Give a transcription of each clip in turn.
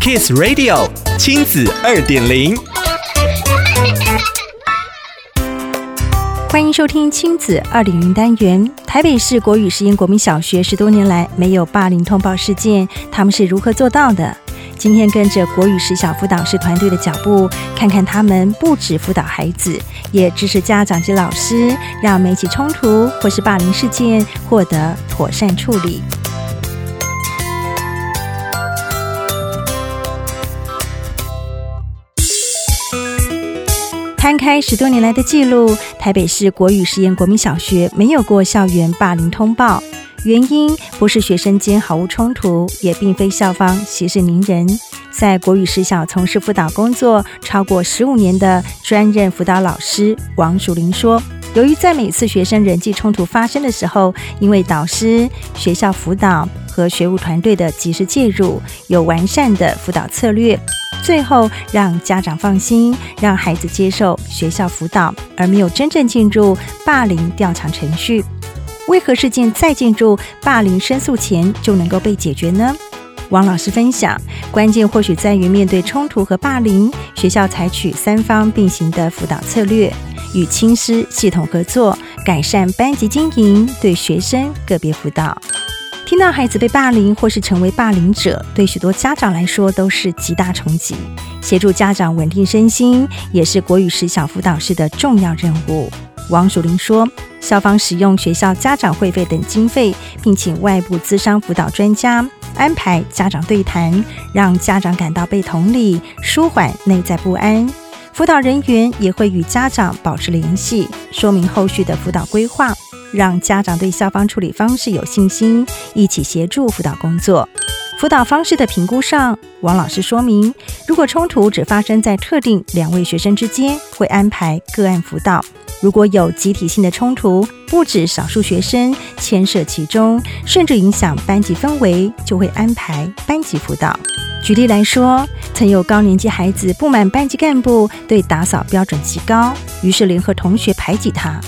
Kiss Radio 親子二點零，歡迎收聽親子二點零單元。台北市國語實驗國民小學十多年來沒有霸凌通報事件，他們是如何做到的？今天跟着國語實小輔導室團隊的腳步，看看他們不只輔導孩子，也支持家長及老師，讓每起衝突或是霸凌事件獲得妥善處理。開十多年來的記錄，台北市國語實驗國民小學沒有過校園霸凌通報。原因不是學生間毫無衝突，也並非校方息事寧人。在國語實小從事輔導工作超過十五年的專任輔導老師王祖林說：“由於在每次學生人際衝突發生的時候，因為導師、學校輔導和學務團隊的及時介入，有完善的輔導策略。”最後讓家長放心，讓孩子接受學校輔導，而沒有真正進入霸凌調查程序。為何事件在進入霸凌申訴前就能夠被解決呢？王老師分享，關鍵或許在於面對衝突和霸凌，學校採取三方並行的輔導策略，與親師系統合作，改善班級經營，對學生個別輔導。聽到孩子被霸凌或是成為霸凌者，對許多家長來說都是極大衝擊。協助家長穩定身心，也是國語實小輔導室的重要任務。王淑玲說，校方使用學校家長會費等經費，聘請外部諮商輔導專家安排家長對談，讓家長感到被同理，舒緩內在不安。輔導人員也會與家長保持聯繫，說明後續的輔導規劃。讓家長對校方處理方式有信心，一起協助輔導工作。輔導方式的評估上，王老師說明：如果衝突只發生在特定兩位學生之間，會安排個案輔導；如果有集體性的衝突，不止少數學生牽涉其中，甚至影響班級氛圍，就會安排班級輔導。舉例來說，曾有高年級孩子不滿班級幹部對打掃標準極高，於是聯合同學排擠他。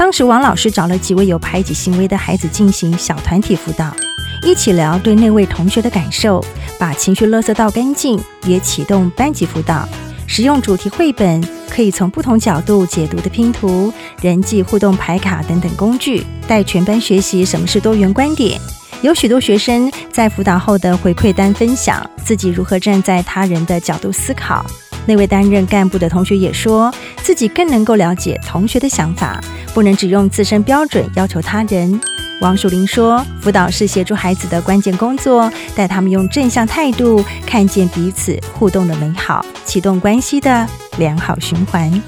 當時，王老師找了幾位有排擠行為的孩子進行小團體輔導，一起聊對那位同學的感受，把情緒垃圾倒乾淨，也啟動班級輔導，使用主題繪本，可以從不同角度解讀的拼圖、人際互動牌卡等等工具，帶全班學習什麼是多元觀點。有許多學生在輔導後的回饋單分享自己如何站在他人的角度思考。那位擔任幹部的同學也說自己更能夠了解同學的想法。不能只用自身標準要求他人。王淑玲說：“輔導是協助孩子的關鍵工作，帶他們用正向態度看見彼此互動的美好，啟動關係的良好循環。”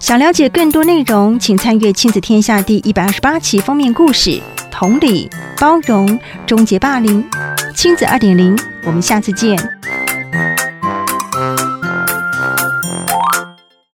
想了解更多內容，請參閱《親子天下》第一百二十八期封面故事。同理，包容，終結霸凌，親子二點零。我們下次見。